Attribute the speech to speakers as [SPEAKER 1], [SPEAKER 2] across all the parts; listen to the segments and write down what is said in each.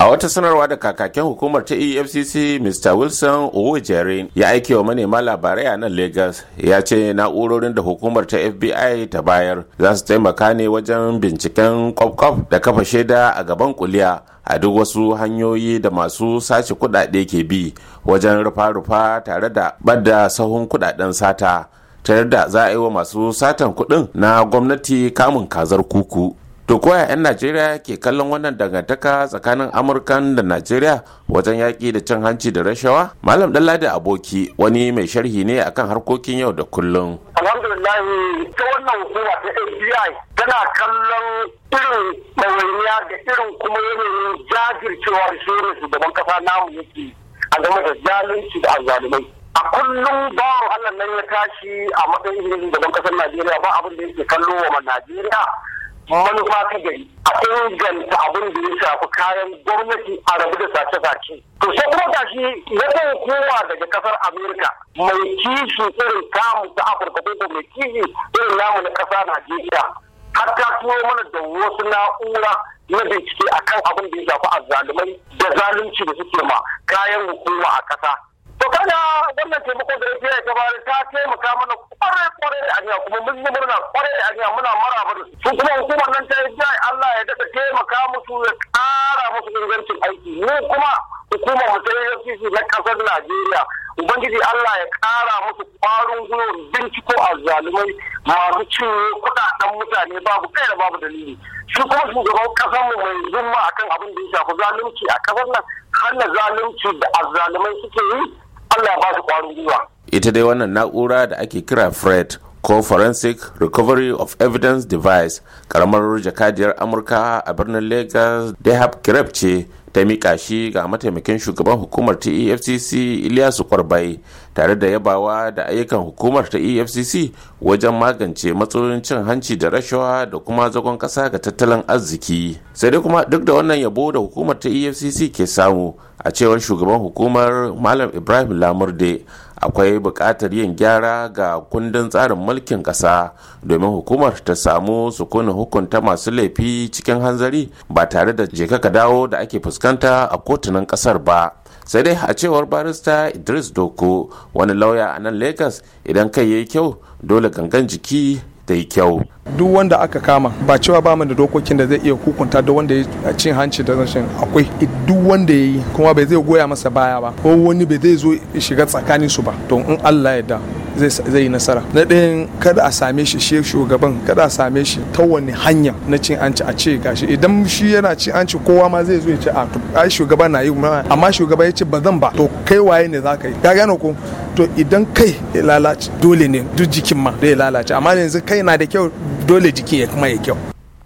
[SPEAKER 1] a wata sanarwa da kakakin hukumar ta efcc mr wilson owojere ya aike wa manema labarai a nan lagos ya ce na'urorin da hukumar ta fbi ta bayar za su taimaka ne wajen binciken kwafkwaf da kafa shaida a gaban kuliya a duk wasu hanyoyi da masu sace kudade ke bi wajen rufa-rufa tare da bada sahun kudaden sata tare da za a yi wa masu satan kudin na gwamnati kamun kazar kuku to koya 'yan najeriya ke kallon wannan dangantaka tsakanin Amurka da najeriya wajen yaƙi da cin hanci da rashawa malam da aboki wani mai sharhi ne akan harkokin yau da kullum
[SPEAKER 2] alhamdulillah ta wannan hukuma ta fbi tana kallon irin ɗawainiya da irin kuma yanayin jajircewa shirin ne shugaban kasa namu yake a game da zalunci da azalumai a kullum bawan Allah nan ya tashi a matsayin shugaban kasar Najeriya ba abin da yake kallo wa Najeriya manufa ta gari a inganta abin da ya shafi kayan gwamnati a rabu da sace-sace. To sai kuma ga shi na kowa daga kasar Amerika mai kishi irin kamun ta Afirka ko mai kishi irin namu na kasa Najeriya har ta turo mana da wasu na'ura na bincike kan abin da ya shafi azzalumai da zalunci da suke ma kayan hukuma a kasa. To kada wannan taimako da ya ta bayar ta taimaka mana kwarai-kwarai da aniya kuma mun yi murna hanya muna maraba da su kuma hukumar nan ta yi Allah ya daga taimaka musu ya ƙara musu ingancin aiki mu kuma hukumar mu ta AFCC na kasar Najeriya Ubangiji Allah ya ƙara musu kwarin gwiwar binciko a zalimai masu cinye kudaden mutane babu kai da babu dalili shi kuma shugaban kasar mu mai zumma akan abin da ya shafi zalunci a kasar nan har na zalunci da azzalumai suke yi Allah ya ba su kwarin gwiwa.
[SPEAKER 1] Ita dai wannan na'ura da ake kira Fred ko forensic recovery of evidence device karamar jakadiyar amurka a birnin lagos dehab kireb ce ta mika shi ga mataimakin shugaban hukumar ta efcc ilyasu kwarbai tare da yabawa da ayyukan hukumar ta efcc wajen magance matsalolin cin hanci da rashawa da kuma zagon kasa ga tattalin arziki sai dai kuma duk da wannan yabo da hukumar ta efcc ke samu a cewar shugaban hukumar malam ibrahim lamurde akwai buƙatar yin gyara ga kundin tsarin mulkin ƙasa domin hukumar ta samu sukunin hukunta masu laifi cikin hanzari ba tare da jeka ka dawo da ake fuskanta a kotunan ƙasar ba sai dai a cewar barista idris doko wani lauya a nan lagos idan kai yayi kyau dole gangan jiki da yi kyau
[SPEAKER 3] duk wanda aka kama ba cewa ba mu da dokokin da zai iya hukunta da wanda ya cin hanci da rashin akwai duk wanda ya yi kuma bai zai goya masa baya ba ko wani bai zai zo shiga tsakanin su ba to in Allah ya da zai yi nasara na ɗayan kada a same shi shi shugaban kada a same shi ta wani hanya na cin anci a ce gashi idan shi yana cin anci kowa ma zai zo ya ce a ai shugaba na yi amma shugaba ya ce ba zan ba to kai waye ne za ka yi ka gano ko to idan kai ya lalace dole ne duk jikin ma da ya lalace amma yanzu kai na da kyau dole jiki ya kuma ya kyau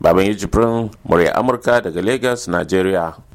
[SPEAKER 1] baban yi jibrin murya amurka daga lagos nigeria